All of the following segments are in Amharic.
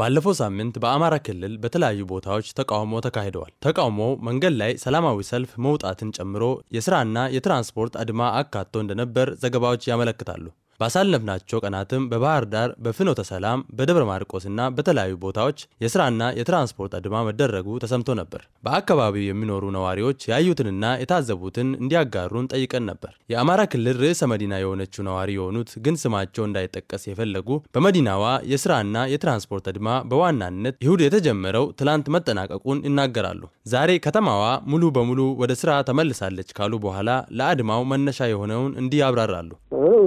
ባለፈው ሳምንት በአማራ ክልል በተለያዩ ቦታዎች ተቃውሞ ተካሂደዋል። ተቃውሞው መንገድ ላይ ሰላማዊ ሰልፍ መውጣትን ጨምሮ የስራና የትራንስፖርት አድማ አካቶ እንደነበር ዘገባዎች ያመለክታሉ። ባሳለፍናቸው ቀናትም በባህር ዳር፣ በፍኖተ ሰላም፣ በደብረ ማርቆስና በተለያዩ ቦታዎች የስራና የትራንስፖርት አድማ መደረጉ ተሰምቶ ነበር። በአካባቢው የሚኖሩ ነዋሪዎች ያዩትንና የታዘቡትን እንዲያጋሩን ጠይቀን ነበር። የአማራ ክልል ርዕሰ መዲና የሆነችው ነዋሪ የሆኑት ግን ስማቸው እንዳይጠቀስ የፈለጉ በመዲናዋ የስራና የትራንስፖርት አድማ በዋናነት ይሁድ የተጀመረው ትላንት መጠናቀቁን ይናገራሉ። ዛሬ ከተማዋ ሙሉ በሙሉ ወደ ስራ ተመልሳለች ካሉ በኋላ ለአድማው መነሻ የሆነውን እንዲህ ያብራራሉ።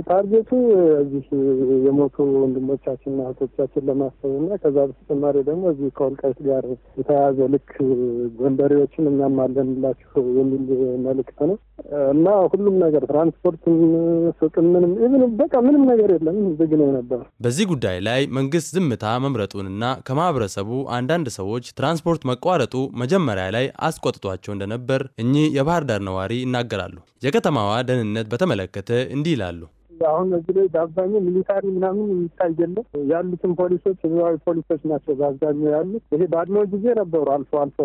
ታርጌቱ እዚህ የሞቱ ወንድሞቻችንና እህቶቻችን ለማሰብና ከዛ በተጨማሪ ደግሞ እዚህ ከወልቃይት ጋር የተያያዘ ልክ ጎንደሬዎችን እኛም አለንላችሁ የሚል መልእክት ነው እና ሁሉም ነገር ትራንስፖርትም፣ ሱቅም፣ ምንም ኢቭን በቃ ምንም ነገር የለም ዝግ ነው ነበር። በዚህ ጉዳይ ላይ መንግስት ዝምታ መምረጡንና ከማህበረሰቡ አንዳንድ ሰዎች ትራንስፖርት መቋረጡ መጀመሪያ ላይ አስቆጥቷቸው እንደነበር እኚህ የባህር ዳር ነዋሪ ይናገራሉ። የከተማዋ ደህንነት በተመለከተ እንዲህ ይላሉ። አሁን እዚህ ላይ በአብዛኛው ሚሊታሪ ምናምን የሚታየለ ያሉትን ፖሊሶች ህዝባዊ ፖሊሶች ናቸው በአብዛኛው ያሉት። ይሄ በአድማ ጊዜ ነበሩ አልፎ አልፎ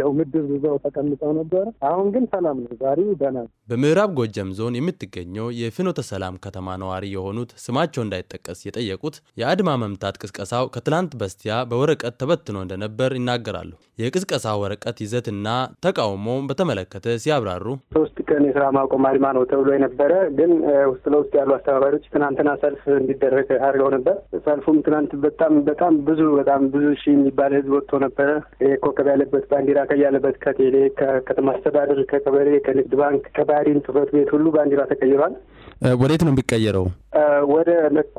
ያው ምድብ ይዘው ተቀምጠው ነበረ። አሁን ግን ሰላም ነው፣ ዛሬ ደህና ነው። በምዕራብ ጎጃም ዞን የምትገኘው የፍኖተ ሰላም ከተማ ነዋሪ የሆኑት ስማቸው እንዳይጠቀስ የጠየቁት የአድማ መምታት ቅስቀሳው ከትላንት በስቲያ በወረቀት ተበትኖ እንደነበር ይናገራሉ። የቅስቀሳ ወረቀት ይዘትና ተቃውሞ በተመለከተ ሲያብራሩ ሶስት ቀን የስራ ማቆም አድማ ነው ተብሎ የነበረ ግን ውስጥ ለውስጥ ያሉ አስተባባሪዎች ትናንትና ሰልፍ እንዲደረግ አድርገው ነበር። ሰልፉም ትናንት በጣም በጣም ብዙ በጣም ብዙ ሺህ የሚባል ህዝብ ወጥቶ ነበረ። ኮከብ ያለበት ባንዲራ ከያለበት ከቴሌ፣ ከከተማ አስተዳደር፣ ከቀበሌ፣ ከንግድ ባንክ፣ ከባህሪን ጽህፈት ቤት ሁሉ ባንዲራ ተቀይሯል። ወዴት ነው የሚቀየረው? ወደ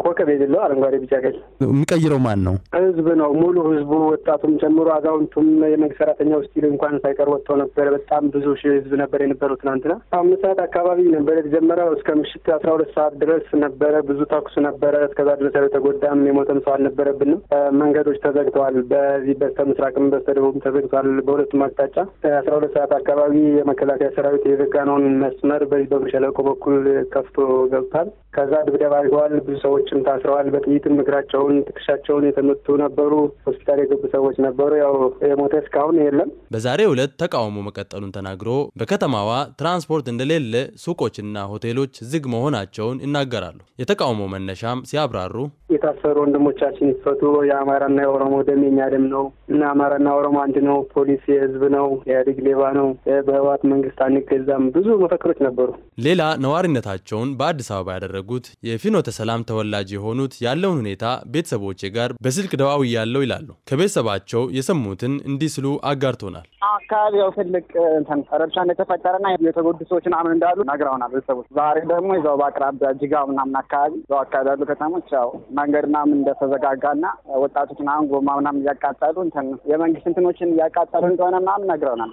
ኮከብ የሌለው አረንጓዴ ቢጫ ቀይ የሚቀይረው ማን ነው? ህዝብ ነው። ሙሉ ህዝቡ ወጣቱም ጨምሮ አዛውንቱም፣ የመንግስት ሰራተኛው ስቲል እንኳን ሳይቀር ወጥተው ነበረ። በጣም ብዙ ሺህ ህዝብ ነበር የነበረው። ትናንትና አምስት ሰዓት አካባቢ ነበር የተጀመረው እስከ ምሽት አስራ ሁለት ሰዓት ድረስ ነበረ። ብዙ ተኩስ ነበረ። እስከዛ ድረስ የተጎዳም የሞተም ሰው አልነበረብንም። መንገዶች ተዘግተዋል። በዚህ በስተ ምስራቅም በስተ ደቡብም ተዘግተዋል። በሁለቱም አቅጣጫ አስራ ሁለት ሰዓት አካባቢ የመከላከያ ሰራዊት የዘጋነውን መስመር በዚህ በብር ሸለቆ በኩል ከፍቶ ገብቷል። ከዛ ድብደባ ተደርገዋል። ብዙ ሰዎችም ታስረዋል። በጥይትም እግራቸውን፣ ትከሻቸውን የተመቱ ነበሩ። ሆስፒታል የገቡ ሰዎች ነበሩ። ያው የሞተ እስካሁን የለም። በዛሬ ዕለት ተቃውሞ መቀጠሉን ተናግሮ በከተማዋ ትራንስፖርት እንደሌለ ሱቆችና ሆቴሎች ዝግ መሆናቸውን ይናገራሉ። የተቃውሞ መነሻም ሲያብራሩ የታሰሩ ወንድሞቻችን ይፈቱ፣ የአማራና የኦሮሞ ደም የኛ ደም ነው እና አማራና ኦሮሞ አንድ ነው፣ ፖሊስ የህዝብ ነው፣ ኢህአዴግ ሌባ ነው፣ በህወሓት መንግስት አንገዛም፣ ብዙ መፈክሮች ነበሩ። ሌላ ነዋሪነታቸውን በአዲስ አበባ ያደረጉት የፊኖ ፍኖተ ሰላም ተወላጅ የሆኑት ያለውን ሁኔታ ቤተሰቦቼ ጋር በስልክ ደዋው ያለው ይላሉ። ከቤተሰባቸው የሰሙትን እንዲህ ስሉ አጋርቶናል። አካባቢ ያው ትልቅ እንትን ረብሻ እንደተፈጠረና የተጎዱ ሰዎች ምናምን እንዳሉ ነግረውናል ቤተሰቦች። ዛሬ ደግሞ ይዘው በአቅራቢያ ጅጋ ምናምን አካባቢ እዛው አካባቢ ያሉ ከተሞች ያው መንገድ ምናምን እንደተዘጋጋና ወጣቶች ምናምን ጎማ ምናምን እያቃጠሉ እንትን የመንግስት እንትኖችን እያቃጠሉ እንደሆነ ምናምን ነግረውናል።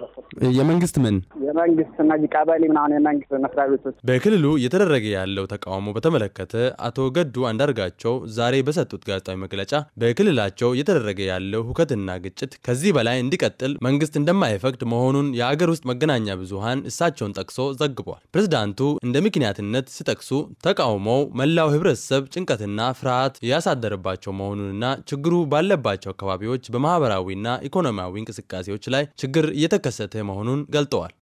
የመንግስት ምን የመንግስት እነዚህ ቀበሌ ምናምን የመንግስት መስሪያ ቤቶች በክልሉ እየተደረገ ያለው ተቃውሞ በተመለከተ አቶ ገዱ አንዳርጋቸው ዛሬ በሰጡት ጋዜጣዊ መግለጫ በክልላቸው እየተደረገ ያለው ሁከትና ግጭት ከዚህ በላይ እንዲቀጥል መንግስት እንደማይፈ የማይፈቅድ መሆኑን የአገር ውስጥ መገናኛ ብዙሃን እሳቸውን ጠቅሶ ዘግቧል። ፕሬዝዳንቱ እንደ ምክንያትነት ሲጠቅሱ ተቃውሞው መላው ህብረተሰብ ጭንቀትና ፍርሃት ያሳደረባቸው መሆኑንና ችግሩ ባለባቸው አካባቢዎች በማህበራዊና ኢኮኖሚያዊ እንቅስቃሴዎች ላይ ችግር እየተከሰተ መሆኑን ገልጠዋል።